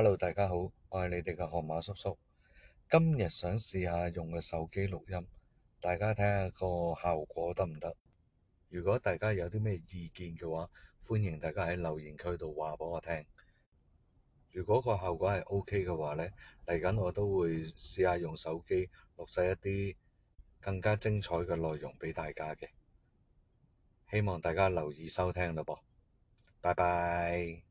Hello，大家好，我係你哋嘅河馬叔叔。今日想試下用個手機錄音，大家聽下個效果得唔得？如果大家有啲咩意見嘅話，歡迎大家喺留言區度話畀我聽。如果個效果係 OK 嘅話咧，嚟緊我都會試下用手機錄晒一啲更加精彩嘅內容畀大家嘅。希望大家留意收聽咯，啵，拜拜。